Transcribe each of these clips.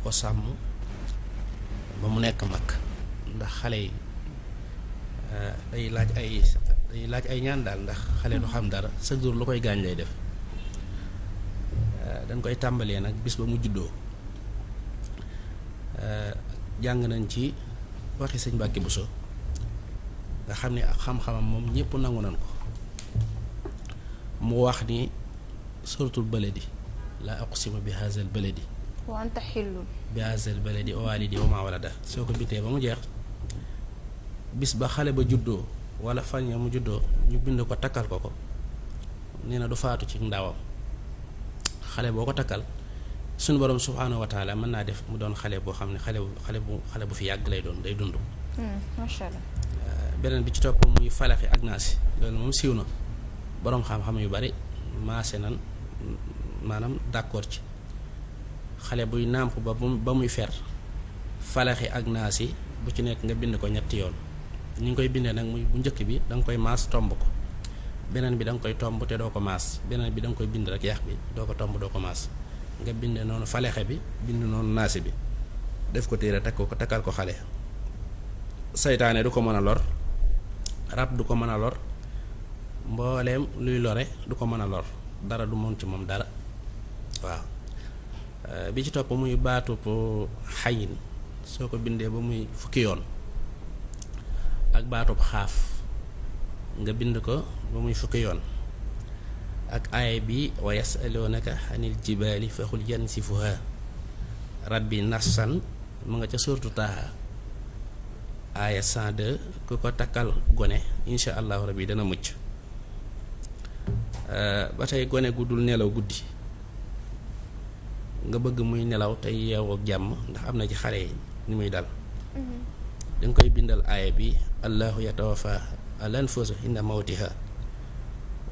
di ko sàmm ba mu nekk mag ndax xale yi euh, day laaj ay day laaj ay ñaan daal ndax xale du xam dara chaque jour lu koy gaañ lay def euh, dañ koy tàmbalee nag bis ba mu juddoo euh, jàng nañ ci waxi sëñ Mbàkke Buso nga xam ne ak xam-xamam moom ñëpp nangu nañ ko mu wax ni suratul baladi la aqsimu bi haazal baladi wa anta xillun bi azal baladi wa walidi wa ma walada soo ko bitee ba mu jeex bis ba xale ba juddoo wala fan mu juddoo ñu bind ko takkal ko ko nee na du faatu ci ndawam xale boo ko takkal suñu borom subhaanahu wa mën naa def mu doon xale boo xam ne xale bu xale bu xale bu fi yàgg lay doon day dund. beneen bi ci topp muy falaxi ak naasi loolu moom siiw na borom xam-xam yu bari maase nan maanaam d'accord ci. xale buy nàmp ba ba muy fer falaxi ak naasi bu ci nekk nga bind ko ñetti yoon ñu ngi koy bindee nag muy bu njëkk bi danga koy maas tomb ko beneen bi da koy tomb te doo ko maas beneen bi da nga koy bind rek yax bi doo ko tomb doo nga binde noonu falexe bi bind noonu naasi bi def ko téere takk ko takkal ko xale seytaane du ko mën a lor rab du ko mën a lor mbooleem luy lore du ko mën a lor dara du moom ci moom dara waaw Eh, bi ci topp muy baatu po xayin soo ko bindee ba muy fukki yoon ak baatub xaaf nga bind ko ba muy fukki yoon ak aaya bi wa yasalunaka anil jibaali faxul yansifuha rabbi narsan mu nga ca suurtu taaha aaya 102 ku ko takkal gone insha allahu rabbi dana mucc eh, ba tey gone guddul nelaw guddi nga bëgg muy nelaw te yeewoo jàmm ndax am na ci xale yi ni muy dal mhm. da koy bindal aaya bi allahu yatawafa al anfusa inda mawtiha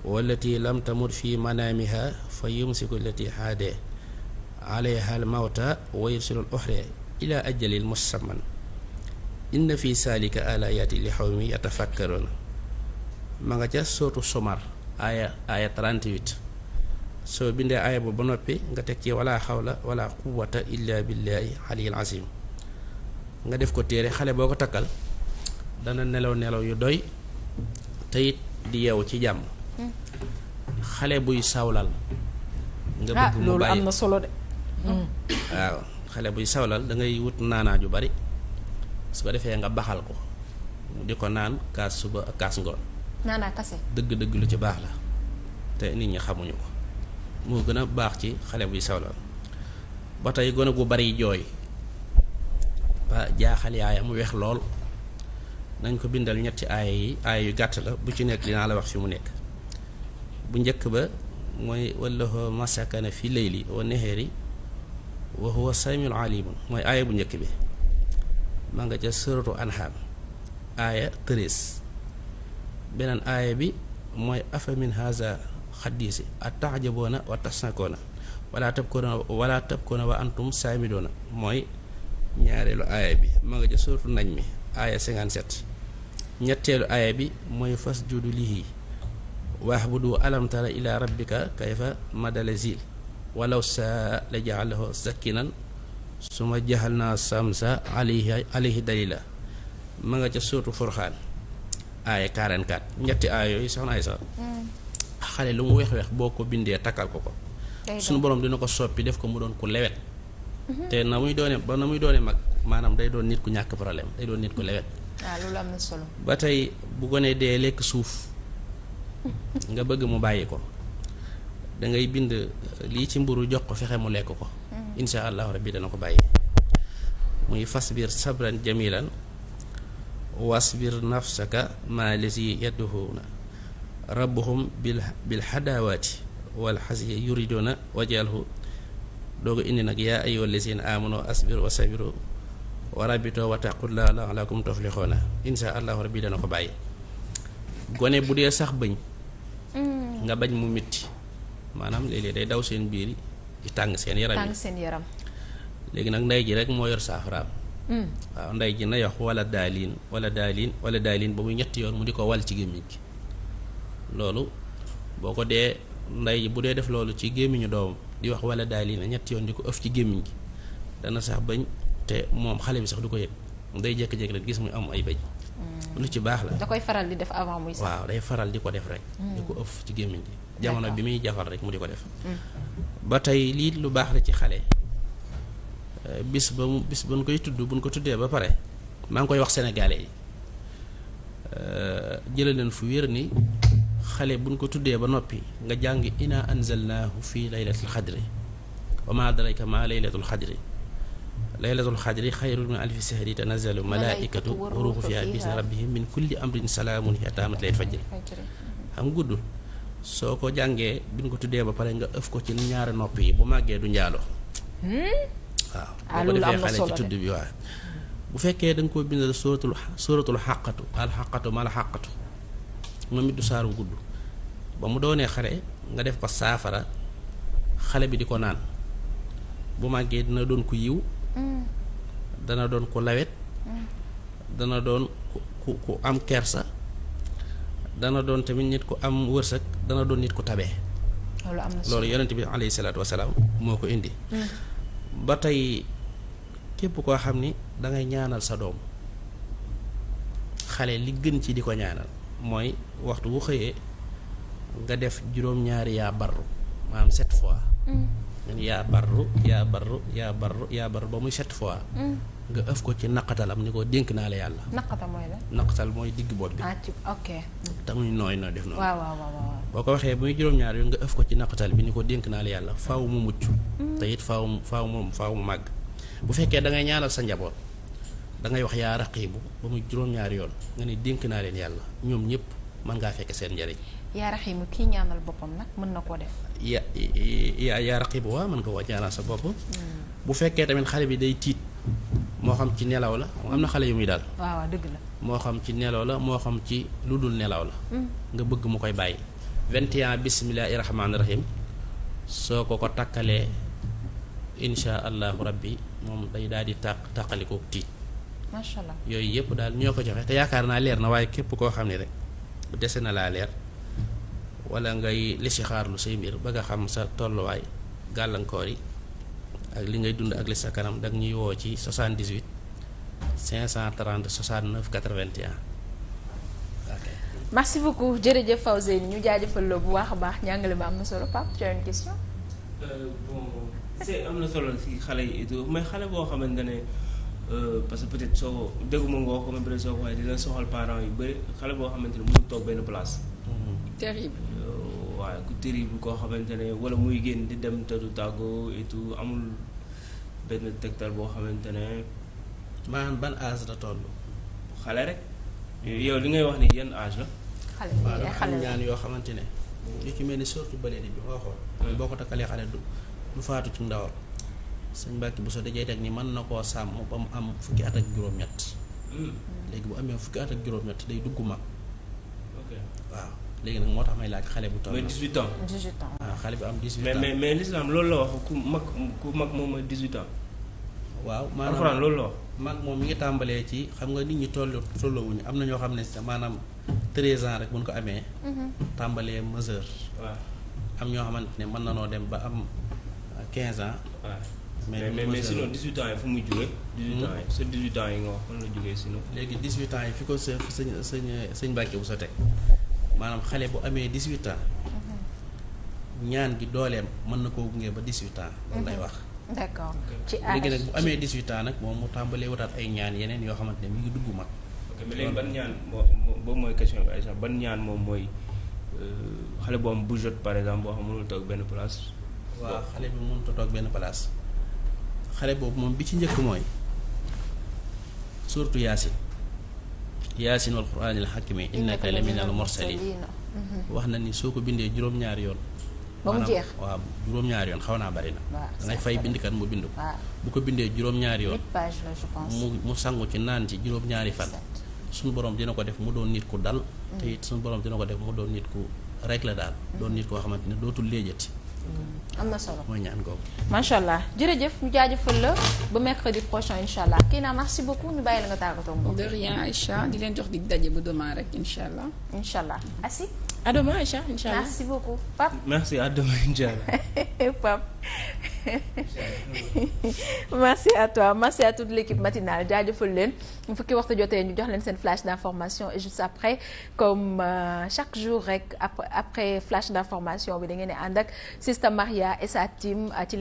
wallati lam tamut fi manaamiha fa yumsiku lati haade alayha al mawta wa yursilu al uxra ajalil musamman inna fi saalika alayaati li mi yatafakkaroon ma nga ca sootu somar aaya aaya 38 soo bindee aaya ba noppi nga teg ci wala xawla wala quwwata illa billahi aliyil azim nga def ko téere xale boo ko takkal dana nelaw nelaw yu doy te di yeewu ci jàmm xale buy sawlal nga ah, bëgg mu bàyyi am na solo de hmm. xale buy sawlal da ngay wut naanaa ju bari su defee nga baxal ko di ko naan kaas suba ak kaas ngoon naanaa dëgg dëgg lu ci baax la te nit ñi xamuñu ko moo gën a baax ci xale buy sew la ba tey gone gu bari jooy jaaxal yaayam weex lool nañ ko bindal ñetti aaya yi aaya yu gàtt la bu ci nekk dinaa la wax fi mu nekk bu njëkk ba mooy wallahu masakana fi layli wa nahari wa huwa samiul alimun mooy aaya bu njëkk bi ma nga ca suratu anham aaya treize beneen aaya bi mooy afa min haza xaddiisi attaajaboona wa tasnakoona wala tabkoona wala tabkoona wa antum saamidoona mooy ñaareelu aaya bi ma nga ja sóotu nañ mi aaya 57 ñetteelu aaya bi mooy fas judu lihi wahbudu alamtara ila rabbika kayfa madala zil walaw saa la jaalahu sakkinan suma jaxal naa samsa alayhi alayhi dalila ma nga ca sóotu furxaan aaya 44 ñetti aaya yooyu soxna ay sax mm. xale lu mu weex weex boo ko bindee takkal ko ko suñu borom dina ko soppi def ko mu doon ku lewet mhm. te na muy doone ba na muy doone mag maanaam day doon nit ku ñàkk problème day doon nit ku lewet ah, ba tey bu gone dee lekk suuf nga bëgg mu bàyyi ko dangay bind eh, lii ci mburu jox ko fexe mu lekk ko mhm. insha allahu rabbi dana ko bàyyi muy fasbir sabran jamilan wasbir nafsaka maa lesi yadduhuuna rabbuhum bil bil xadaawaati wal xasiya yuriduna wajalhu dooga indi nag yaa ayyuha allazina amanu asbiru wa sabiru wa la wa taqullaa la'allakum tuflixoona insha allahu rabbi dana ko bàyyi gone bu dee sax bañ mm. nga bañ mu métti maanaam day daw seen biir tàng seen yaram yi tàng léegi nag ndey ji rek moo yor saafaraam mm. waaw ndey ji na yox wala daaliin wala daaliin wala daaliin ba muy ñetti yoon mu di ko wal ci gémmiñ gi loolu boo ko dee ndey ji bu dee def loolu ci gémmiñu doomam di wax wala daal yi na ñetti yoon di ko ëf ci gémmiñ gi dana sax bañ te moom xale bi sax du ko yëg day jékki-jékki rek gis muy am ay bëj mm. ci baax la da koy faral di def avant muy sax faral di ko def rek mm. ëf ci gémmiñ gi jamono bi muy jafal rek mu di ko def mm. ba tey liit lu baax la ci xale euh, bis ba mu ba buñ koy tudd buñ ko tuddee ba pare maa ngi koy wax sénégalais yi euh, jëla fu wér ni xale buñ ko tuddee ba noppi nga jàng ina anzalnaahu fi laylatul xadri wa ma adraka ma laylatul xadri laylatul xadri xayrun min alfi sahri tanazzalu malaaikatu wa ruuhu fiha bi izni rabbihim min kulli amrin salaamun xam guddul soo ko jàngee bi ko tuddee ba pare nga ëf ko ci ñaari nopp yi bu màggee du njaalo hmm? waaw boo ah, ko defee xale ci tudd bi waaw bu fekkee da nga ko bindal suratul suratul xàqatu al mal xàqatu moom it du saaru gudd ba mu doonee xale nga def ko saafara xale bi di ko naan bu màggee dina doon ku yiw mm. dana doon ku lawet mm. dana doon ku ku am kersa dana doon tamit nit ku am wërsëg dana doon nit ku tabee loolu loolu yonent bi alayhi salaatu wasalaam moo ko indi mm. ba tey képp koo xam ni dangay ñaanal sa doom xale li gën ci di ko ñaanal mooy waxtu bu xëyee nga def juróom-ñaari yaa barru maanaam sept fois mm. yaa barru yaa barru yaa barru yaa barru ba muy sept fois mm. nga ëf ko ci naqatalam ni ko dénk naa la yàlla naqatal naqatal mooy digg bopp bi ah, ok te muy nooy nooy def noonu boo ko waxee muy juróom nga ëf ko ci naqatal bi ni ko dénk naa la yàlla faw mu mucc mm. te it faaw faw moom faaw mu màgg bu fekkee da ngay ñaanal sa njaboot da ngay wax yaa raqiibu ba muy juróom-ñaari yoon nga ne dénk naa leen yàlla ñoom ñëpp mën ngaa fekk seen njariñ. yaa raqiibu kii ñaanal boppam nag mën na koo def. ya ya yaa raqiibu waaw mën nga koo ñaanal sa bopp. Hmm. bu fekkee tamit xale bi day tiit moo xam ci nelaw la am na xale yu muy daal. dëgg moo xam ci nelaw la moo xam ci lu dul nelaw la. Hmm. nga bëgg mu koy bàyyi. 21 bismillaahi rahmaani rahim soo ko ko takkalee incha allahu rabbi moom day daal di tàq tàqalikoo tiit. macha allah yooyu yëpp daal ñoo ko joxe te yaakaar naa leer na waaye képp koo xam ne rek dese na laa leer wala ngay xaar lu say mbir bëgg nga xam sa tolluwaay gàllankoor yi ak li ngay dund ak li sa kanam dag ñuy woo ci 78 530 69 81. merci beaucoup jërëjëf Fawzeyni ñu jaajëfal la bu baax a baax njàngale ma am na solo Pape tu euh, am na solo si xale yi boo xamante ne. Euh, parce que peut-être soo ko dégguma ko mais peut-être soo ko waxee dina soxal parents yu bëri xale boo xamante ne mënul toog benn place. terrible. Euh, waaw ku terrible koo xamante ne wala muy génn di dem te du tàggoo et amul benn tegtal boo xamante ne. maanaam ban âge la toll. yow li ngay wax ni yan âge la. xale waaw yoo xamante ne. yu ci mel ni surtout bële bi nga waxoon. Hmm. boo ko takkalee xale du du faatu ci ndawam. sëñ Mbàkke bu soo dajee teg ni mën na koo sàmm ba mu am fukki at ak juróom-ñett hmm. léegi bu amee fukki at ak juróom-ñett day dugg mag waaw léegi nag moo tax may laaj xale bu toll mooy 18 ans 18 ah, am 18 ans mais mais mais l'islam loolu la wax ku mag ku mag moom mooy 18 ans waaw maanaam loolu la wax moom mi ngi tàmbalee ci xam nga nit ñi toll tollowuñu am na ñoo xam ne maanaam 13 ans rek buñ ko amee mhm. tàmbalee mesure am ñoo xamante ne mën na noo dem ba am 15 ans mais mais mais sinon 18 ans yi fu muy jógee. 18 ans yi hmm? sa 18 ans yi nga wax fan la jógee sinon. léegi 18 ans yi fi ko sa sëñ sëñ sëñ Mbacke bu sa teg maanaam xale bu amee 18 ans mhm. ñaan gi dooleem mën na koo gunge ba 18 ans. loolu lay mhm. wax. d'accord ci léegi nag bu amee 18 ans nag moom mu tàmbalee wutaat ay ñaan yeneen yoo xamante ne mi ngi dugg mag. ok mais léegi ban ñaan moom mooy question bi ban ñaan moom mooy euh, xale boom bu jot par exemple boo xam mënul toog benn place. waaw xale bi mënut a toog benn place. xale boobu moom bi ci njëkk mooy surtout yaasin yaasin wal quraanil hakimi innaka la minal wax na ni soo ko bindee juróom-ñaari yoon waaw juróom-ñaari yoon xaw naa bari na dangay fay bind bindkat mu bind ko bu ko bindee juróom-ñaari yoon mu mu sangu ci naan ci juróom-ñaari fan suñu borom dina ko def mu doon nit ku dal mm. te it suñu borom dina ko def mu doon nit ku rek la daal mm. doon nit koo xamante ne dootul léejati Mm. am na solo mooy ñaan googu. macha allah jërëjëf ñu jaajëfal la ba mercredi prochain incha allah kii naa merci beaucoup ñu bàyyi la nga tàggatoo mbokk. de rien Aïcha di leen jox di daje bu demain rek incha allah. incha allah assi à demain Aïcha inchallah merci beaucoup Pape. merci à demain inchallah Pape merci à toi merci à toute l'équipe matinale jaajëfal leen fukki waxtu jotee ñu jox leen seen flash d'information et juste après comme euh, chaque jour rek après flash d'information bi da ngeen di ànd ak Sista Maria et sa team euh, ci